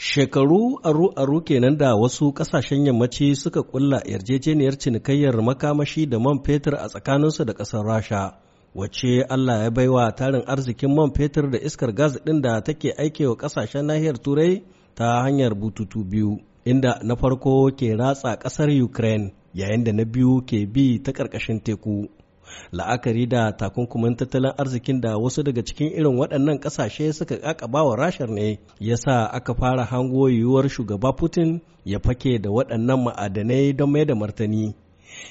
Shekaru aru-aru kenan da wasu ƙasashen yammaci suka ƙulla yarjejeniyar cinikayyar makamashi da man fetur a tsakaninsu da ƙasar Rasha, wacce Allah ya baiwa tarin arzikin man fetur da iskar gas ɗin da take aikewa ƙasashen nahiyar Turai ta hanyar bututu biyu, inda na farko ke ratsa ƙasar Ukraine yayin da na biyu ke bi ta ƙarƙashin teku. la'akari da takunkumin tattalin arzikin da wasu daga cikin irin waɗannan ƙasashe suka kakaba wa rashar ne ya sa aka fara hango yiwuwar shugaba putin ya fake da waɗannan ma'adanai don mai da martani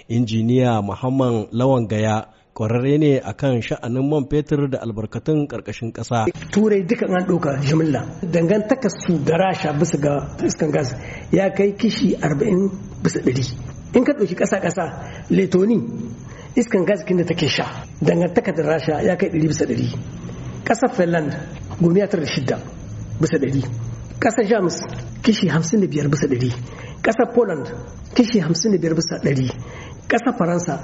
injiniya muhammad lawan gaya ƙwararre ne a kan sha'anin man fetur da albarkatun ƙarƙashin ƙasa. turai duka an ɗauka jimilla dangantaka su da rasha bisa ga iskan gas ya kai kishi 40 bisa 100 in ka ɗauki ƙasa-ƙasa letoni iskan gaskin da take sha dangantaka da rasha ya kai ɗari bisa ɗari ƙasar finland gomiya tara da shidda bisa ɗari ƙasar jamus kishi hamsin da biyar bisa ɗari ƙasar poland kishi hamsin da biyar bisa ɗari ƙasar faransa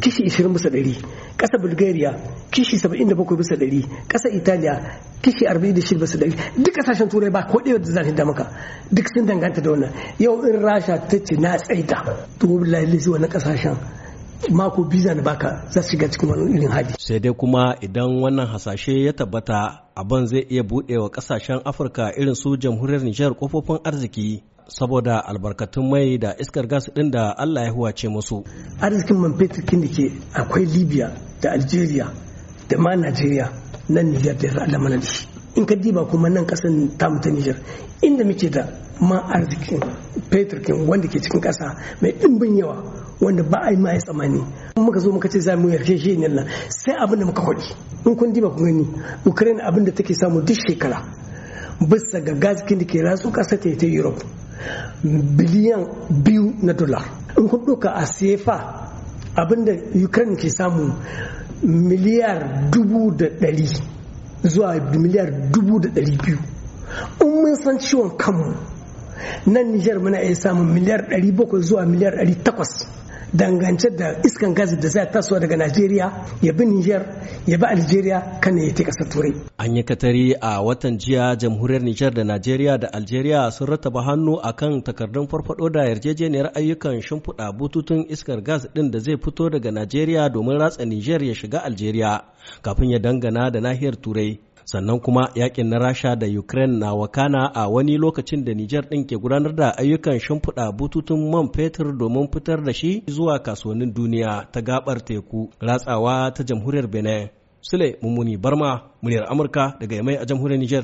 kishi 20 bisa ɗari ƙasar bulgaria kishi 77 bisa ɗari ƙasar italiya kishi 46 bisa ɗari duk ƙasashen turai ba ko ɗaya da zan da maka duk sun danganta da wannan yau in rasha ta ce na tsaida to wallahi lalle wannan ƙasashen mako biza na baka za su shiga cikin wani irin hali sai dai kuma idan wannan hasashe ya tabbata abin zai iya buɗe wa ƙasashen afirka irin su jamhuriyar nijar kofofin arziki saboda albarkatun mai da iskar gas ɗin da allah ya huwace musu arzikin man fetur da ke akwai libya da algeria da ma najeriya nan nijar da ya mana da shi in ka diba kuma nan kasan tamu ta Nijar inda muke da ma arzikin fetur wanda ke cikin kasa mai ɗimbin yawa wanda ba a yi tsammani tsamani muka zo muka ce za mu yarje shi ne nan sai abin da muka kwaɗi in kun diba kun gani ukraine abin da take samu duk shekara bisa ga gaskin da ke rasu kasa ta ta europe biliyan biyu na dola in kun ɗauka a sefa abin da ukraine ke samu miliyar dubu da ɗari zuwa miliyar dubu da ɗari biyu in mun san ciwon kanmu nan Nijar muna iya samun miliyar 700 zuwa miliyar 800 dangance da iskan gas da zai tasowa daga Najeriya ya bi Nijar ya bi Algeria kan ya ta kasar Turai. An yi katari a watan jiya jamhuriyar Nijar da Najeriya da Algeria sun rataba hannu kan takardun farfado da yarjejeniyar ayyukan shimfiɗa bututun iskar gas ɗin da zai fito daga Najeriya domin ratsa Nijar ya shiga Algeria kafin ya dangana da nahiyar Turai. sannan kuma yakin na rasha da ukraine na wakana a wani lokacin da nijar din ke gudanar da ayyukan shimfiɗa bututun man fetur domin fitar da shi zuwa kasuwannin duniya ta gabar teku ratsawa ta jamhuriyar benin sule mummuni barma muryar amurka daga yamai a jamhuriyar nijar